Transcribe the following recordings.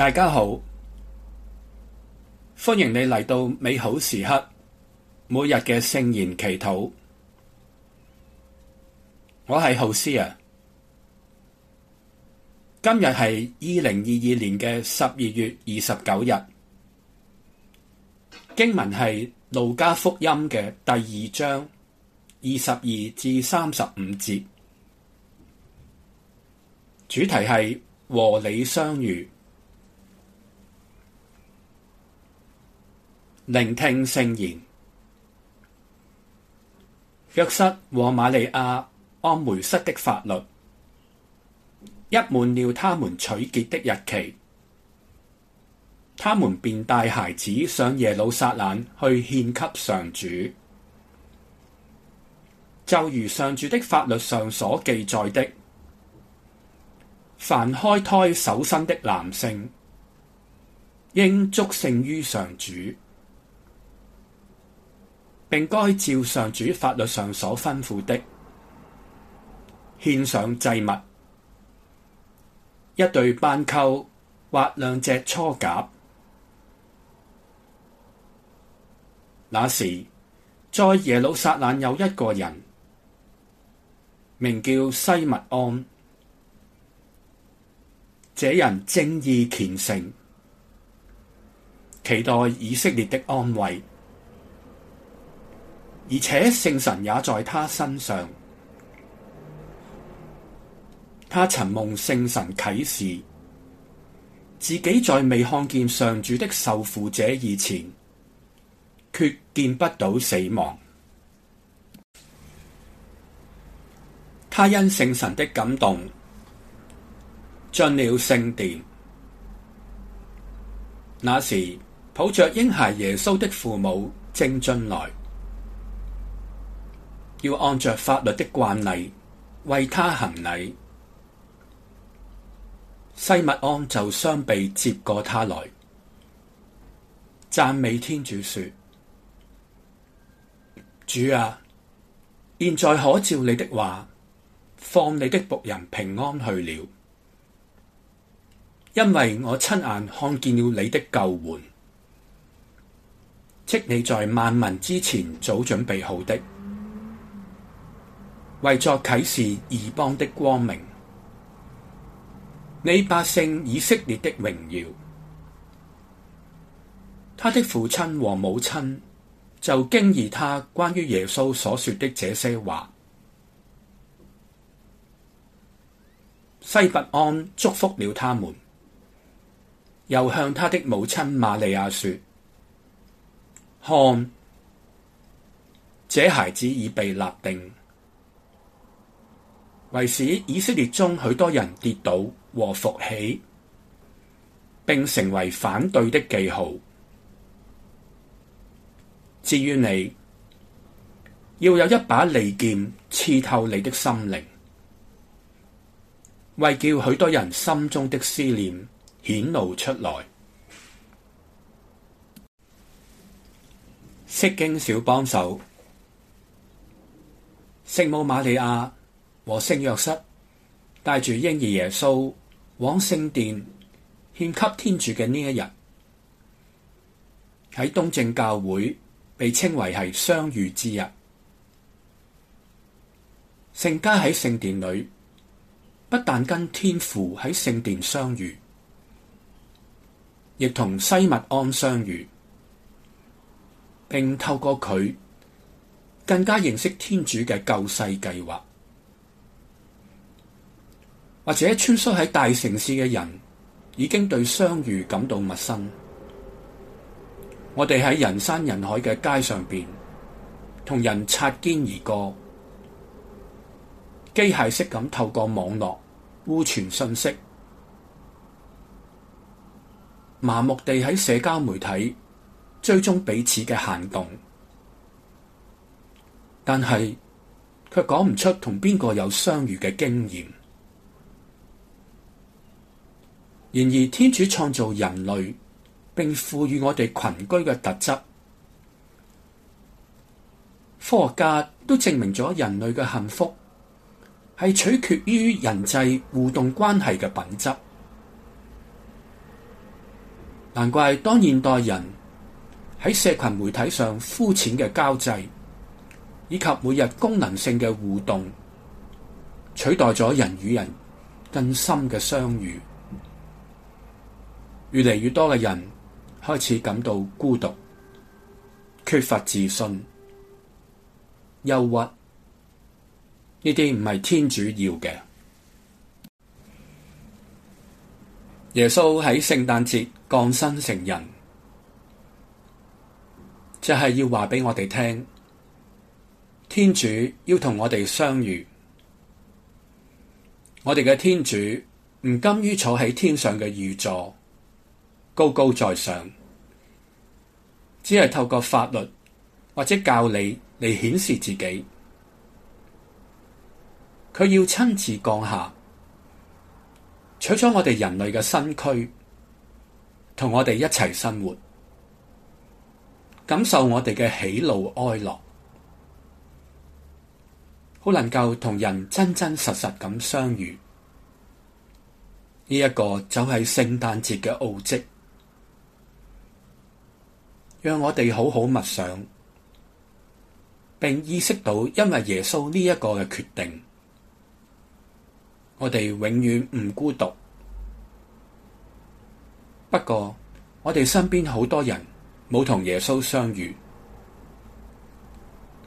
大家好，歡迎你嚟到美好時刻每日嘅聖言祈禱。我係浩斯啊，今日係二零二二年嘅十二月二十九日，經文係路加福音嘅第二章二十二至三十五節，主題係和你相遇。聆聽聖言，若瑟和瑪利亞按梅瑟的法律，一滿了他們取潔的日期，他們便帶孩子上耶路撒冷去獻給上主。就如上主的法律上所記載的，凡開胎首生的男性，應祝聖於上主。並該照上主法律上所吩咐的，獻上祭物，一對斑鳩或兩隻雛鴿。那時，在耶路撒冷有一個人，名叫西默盎，這人正義虔誠，期待以色列的安慰。而且聖神也在他身上。他曾蒙聖神啟示，自己在未看見上主的受傅者以前，決見不到死亡。他因聖神的感動進了聖殿，那時抱着嬰孩耶穌的父母正進來。要按着法律的慣例為他行禮，西默盎就雙臂接過他來，讚美天主說：主啊，現在可照你的話，放你的僕人平安去了，因為我親眼看見了你的救援，即你在萬民之前早準備好的。為作啟示異邦的光明，你百姓以色列的榮耀，他的父親和母親就驚異他關於耶穌所說的這些話。西默盎祝福了他們，又向他的母親瑪利亞說：看，這孩子已被立定。為使以色列中許多人跌倒和復起，並成為反對的記號，至於你，要有一把利劍刺透你的心靈，為叫許多人心中的思念顯露出來。釋經小幫手，聖母瑪利亞。和聖若瑟帶住嬰兒耶穌往聖殿獻給天主嘅呢一日，喺東正教會被稱為係相遇之日。聖家喺聖殿裏不但跟天父喺聖殿相遇，亦同西默盎相遇，並透過佢更加認識天主嘅救世計劃。或者穿梭喺大城市嘅人，已經對相遇感到陌生。我哋喺人山人海嘅街上邊，同人擦肩而過，機械式咁透過網絡互傳信息，麻木地喺社交媒體追蹤彼此嘅限動，但係卻講唔出同邊個有相遇嘅經驗。然而，天主創造人類並賦予我哋群居嘅特質，科學家都證明咗人類嘅幸福係取決於人際互動關係嘅品質。難怪當現代人喺社群媒體上膚淺嘅交際，以及每日功能性嘅互動取代咗人與人更深嘅相遇。越嚟越多嘅人開始感到孤獨、缺乏自信、憂鬱，呢啲唔係天主要嘅。耶穌喺聖誕節降生成人，就係要話俾我哋聽，天主要同我哋相遇。我哋嘅天主唔甘於坐喺天上嘅御座。高高在上，只係透過法律或者教理嚟顯示自己。佢要親自降下，取咗我哋人類嘅身軀，同我哋一齊生活，感受我哋嘅喜怒哀樂，好能夠同人真真實實咁相遇。呢一個就係聖誕節嘅奧跡。讓我哋好好默想，並意識到，因為耶穌呢一個嘅決定，我哋永遠唔孤獨。不過，我哋身邊好多人冇同耶穌相遇，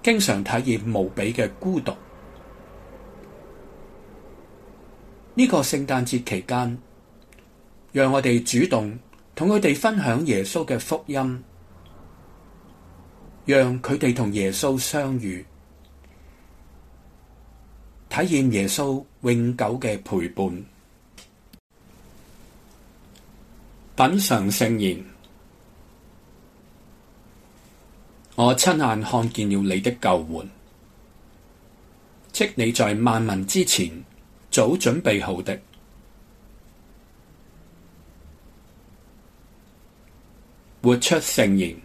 經常體驗無比嘅孤獨。呢、這個聖誕節期間，讓我哋主動同佢哋分享耶穌嘅福音。讓佢哋同耶穌相遇，體驗耶穌永久嘅陪伴，品嘗聖言。我親眼看見了你的救援，即你在萬民之前早準備好的，活出聖言。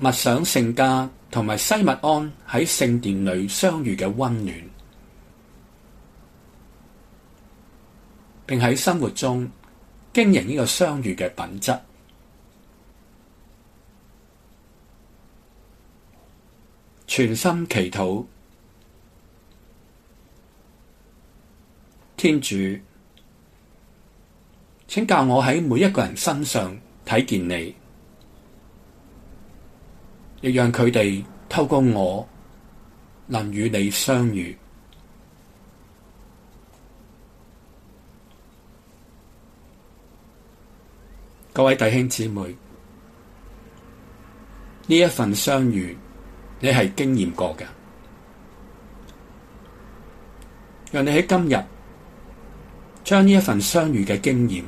默想聖家同埋西默盎喺聖殿裏相遇嘅溫暖，並喺生活中經營呢個相遇嘅品質。全心祈禱天主，請教我喺每一個人身上睇見你。亦讓佢哋透過我，能與你相遇。各位弟兄姊妹，呢一份相遇你係經驗過㗎，讓你喺今日將呢一份相遇嘅經驗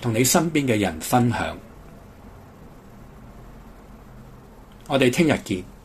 同你身邊嘅人分享。我哋聽日見。